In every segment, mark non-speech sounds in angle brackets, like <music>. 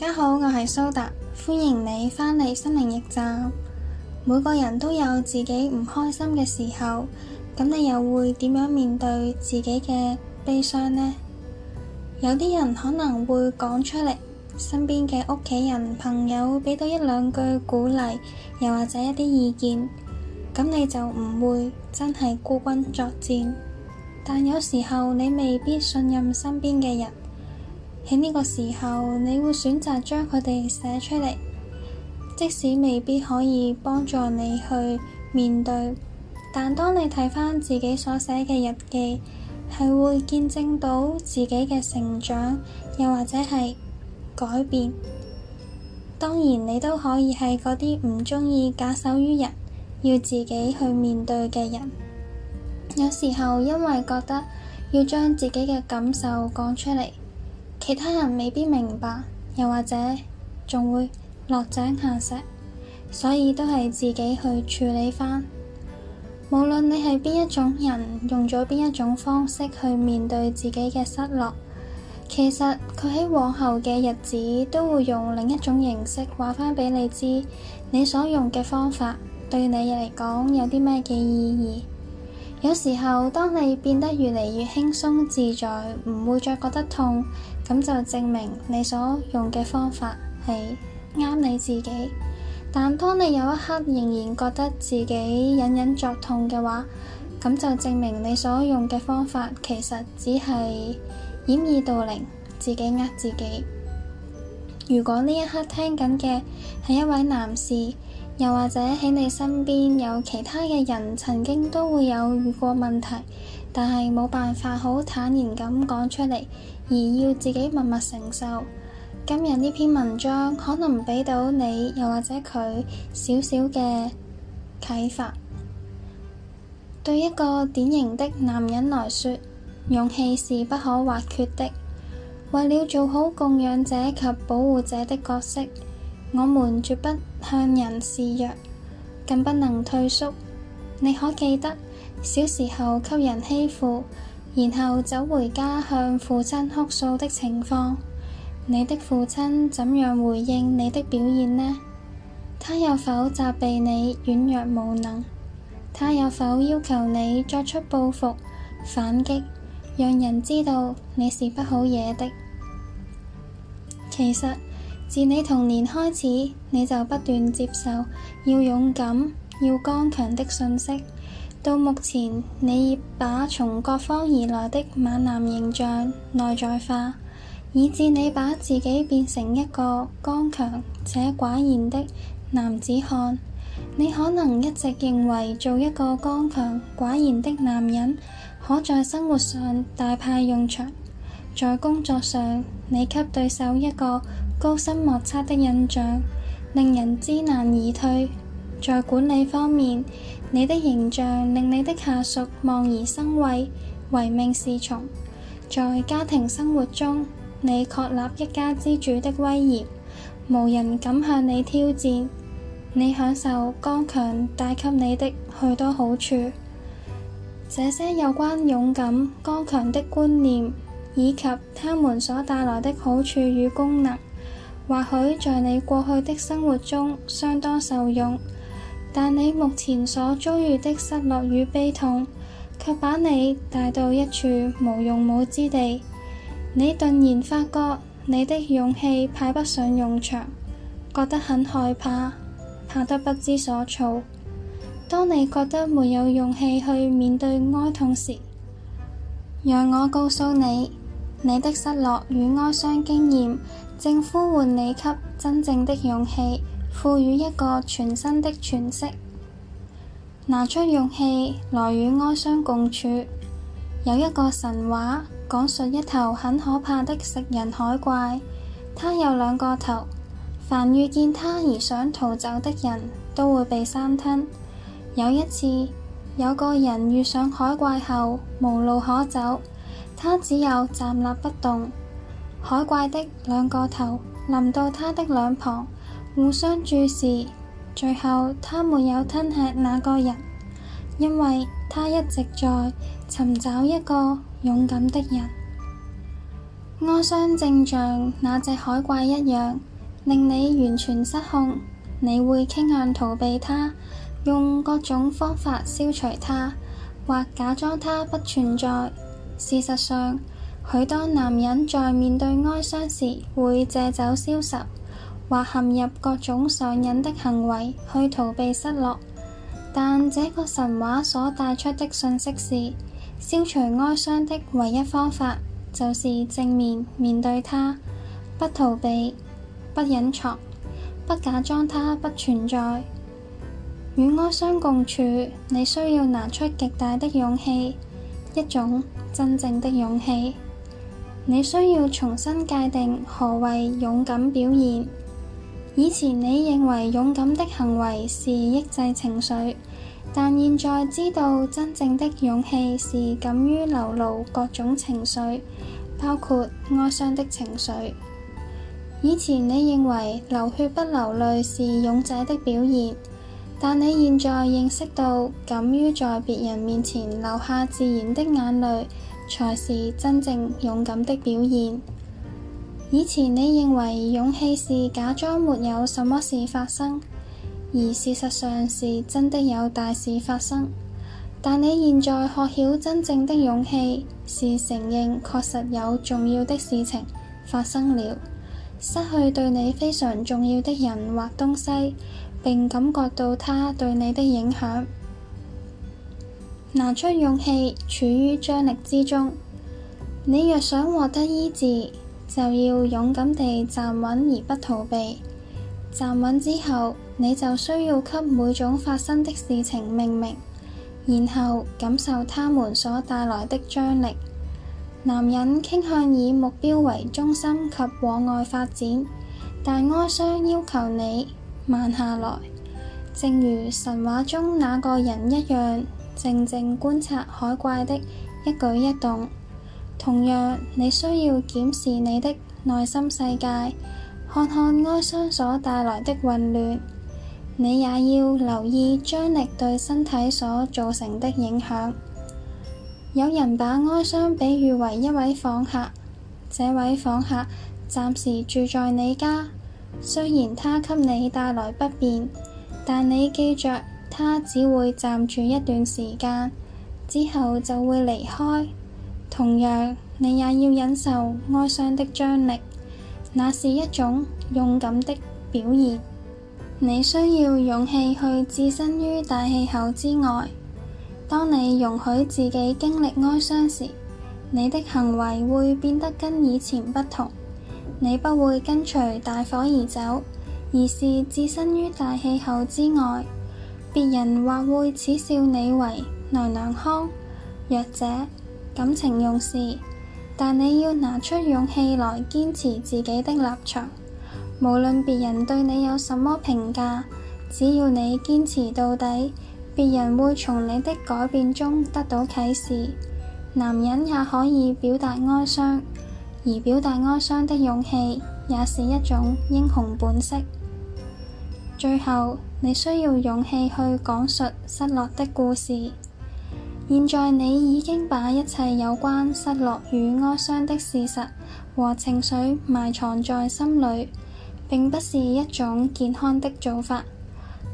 大家好，我係蘇達，歡迎你返嚟心靈驛站。每個人都有自己唔開心嘅時候，咁你又會點樣面對自己嘅悲傷呢？有啲人可能會講出嚟，身邊嘅屋企人、朋友俾到一兩句鼓勵，又或者一啲意見，咁你就唔會真係孤軍作戰。但有時候你未必信任身邊嘅人。喺呢個時候，你會選擇將佢哋寫出嚟，即使未必可以幫助你去面對，但當你睇返自己所寫嘅日記，係會見證到自己嘅成長，又或者係改變。當然，你都可以係嗰啲唔鍾意假手於人，要自己去面對嘅人。 <noise> 有時候因為覺得要將自己嘅感受講出嚟。其他人未必明白，又或者仲會落井下石，所以都係自己去處理翻。無論你係邊一種人，用咗邊一種方式去面對自己嘅失落，其實佢喺往後嘅日子都會用另一種形式話翻俾你知，你所用嘅方法對你嚟講有啲咩嘅意義。有時候當你變得越嚟越輕鬆自在，唔會再覺得痛。咁就證明你所用嘅方法係啱你自己，但當你有一刻仍然覺得自己隱隱作痛嘅話，咁就證明你所用嘅方法其實只係掩耳盜鈴，自己呃自己。如果呢一刻聽緊嘅係一位男士。又或者喺你身邊有其他嘅人，曾經都會有遇過問題，但係冇辦法好坦然咁講出嚟，而要自己默默承受。今日呢篇文章可能畀到你，又或者佢少少嘅啟發。對一個典型的男人來說，勇氣是不可或缺的。為了做好供養者及保護者的角色。我們絕不向人示弱，更不能退縮。你可記得小時候給人欺負，然後走回家向父親哭訴的情況？你的父親怎樣回應你的表現呢？他有否責備你軟弱無能？他有否要求你作出報復反擊，讓人知道你是不好惹的？其實。自你童年開始，你就不斷接受要勇敢、要剛強的信息。到目前，你已把從各方而來的猛男形象內在化，以致你把自己變成一個剛強且寡言的男子漢。你可能一直認為做一個剛強寡言的男人可在生活上大派用場，在工作上你給對手一個。高深莫測的印象，令人知難而退。在管理方面，你的形象令你的下屬望而生畏，唯命是從。在家庭生活中，你確立一家之主的威嚴，無人敢向你挑戰。你享受剛強帶給你的許多好處。這些有關勇敢、剛強的觀念，以及他們所帶來的好處與功能。或許在你過去的生活中相當受用，但你目前所遭遇的失落與悲痛，卻把你帶到一處無用武之地。你突然發覺你的勇氣派不上用場，覺得很害怕，怕得不知所措。當你覺得沒有勇氣去面對哀痛時，讓我告訴你。你的失落與哀傷經驗，正呼喚你給真正的勇氣，賦予一個全新的詮釋。拿出勇氣來與哀傷共處。有一個神話講述一頭很可怕的食人海怪，它有兩個頭，凡遇見它而想逃走的人都會被生吞。有一次，有個人遇上海怪後無路可走。他只有站立不動，海怪的兩個頭臨到他的兩旁，互相注視。最後，他沒有吞下那個人，因為他一直在尋找一個勇敢的人。哀傷正像那隻海怪一樣，令你完全失控。你會傾向逃避他，用各種方法消除他，或假裝他不存在。事實上，許多男人在面對哀傷時，會借酒消愁，或陷入各種上癮的行為去逃避失落。但這個神話所帶出的信息是，消除哀傷的唯一方法就是正面面對他，不逃避，不隱藏，不假裝他不存在，與哀傷共處。你需要拿出極大的勇氣，一種，真正的勇氣，你需要重新界定何為勇敢表現。以前你認為勇敢的行為是抑制情緒，但現在知道真正的勇氣是敢於流露各種情緒，包括哀傷的情緒。以前你認為流血不流淚是勇者的表現。但你現在認識到，敢於在別人面前流下自然的眼淚，才是真正勇敢的表現。以前你認為勇氣是假裝沒有什麼事發生，而事實上是真的有大事發生。但你現在學曉真正的勇氣，是承認確實有重要的事情發生了，失去對你非常重要的人或東西。並感覺到他對你的影響，拿出勇氣，處於張力之中。你若想獲得醫治，就要勇敢地站穩而不逃避。站穩之後，你就需要給每種發生的事情命名，然後感受他們所帶來的張力。男人傾向以目標為中心及往外發展，但哀傷要求你。慢下來，正如神話中那個人一樣，靜靜觀察海怪的一舉一動。同樣，你需要檢視你的內心世界，看看哀傷所帶來的混亂。你也要留意張力對身體所造成的影響。有人把哀傷比喻為一位訪客，這位訪客暫時住在你家。雖然它給你帶來不便，但你記着它只會暫住一段時間，之後就會離開。同樣，你也要忍受哀傷的張力，那是一種勇敢的表現。你需要勇氣去置身於大氣候之外。當你容許自己經歷哀傷時，你的行為會變得跟以前不同。你不會跟隨大火而走，而是置身於大氣候之外。別人或會恥笑你為娘娘腔、弱者、感情用事，但你要拿出勇氣來堅持自己的立場。無論別人對你有什麼評價，只要你堅持到底，別人會從你的改變中得到啟示。男人也可以表達哀傷。而表達哀傷的勇氣也是一種英雄本色。最後，你需要勇氣去講述失落的故事。現在你已經把一切有關失落與哀傷的事實和情緒埋藏在心裏，並不是一種健康的做法。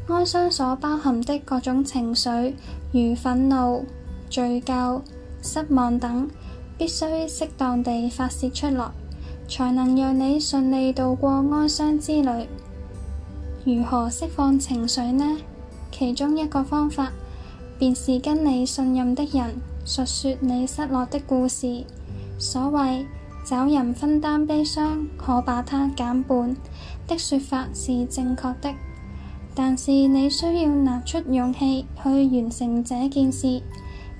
哀傷所包含的各種情緒，如憤怒、罪疚、失望等。必須適當地發洩出來，才能讓你順利渡過哀傷之旅。如何釋放情緒呢？其中一個方法，便是跟你信任的人述說你失落的故事。所謂找人分擔悲傷，可把它減半的說法是正確的，但是你需要拿出勇氣去完成這件事。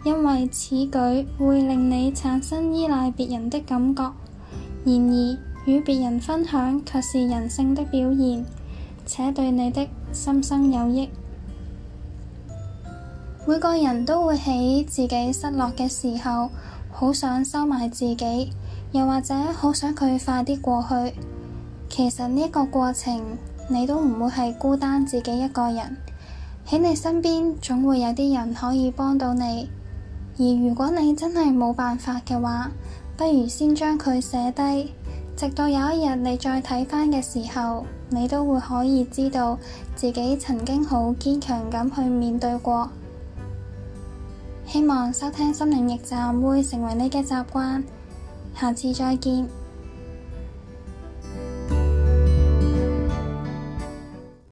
因為此舉會令你產生依賴別人的感覺，然而與別人分享卻是人性的表現，且對你的心生有益。每個人都會喺自己失落嘅時候，好想收埋自己，又或者好想佢快啲過去。其實呢個過程你都唔會係孤單自己一個人，喺你身邊總會有啲人可以幫到你。而，如果你真係冇辦法嘅話，不如先將佢寫低，直到有一日你再睇返嘅時候，你都會可以知道自己曾經好堅強咁去面對過。希望收聽心靈驛站會成為你嘅習慣，下次再見。